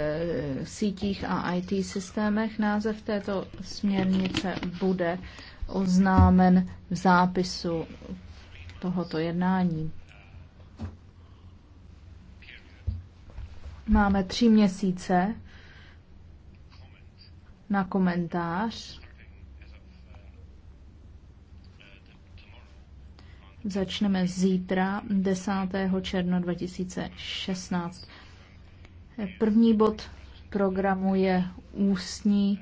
Eh, sítích a IT systémech. Název této směrnice bude oznámen v zápisu tohoto jednání. Máme tři měsíce na komentář. Začneme zítra 10. června 2016. První bod programu je ústní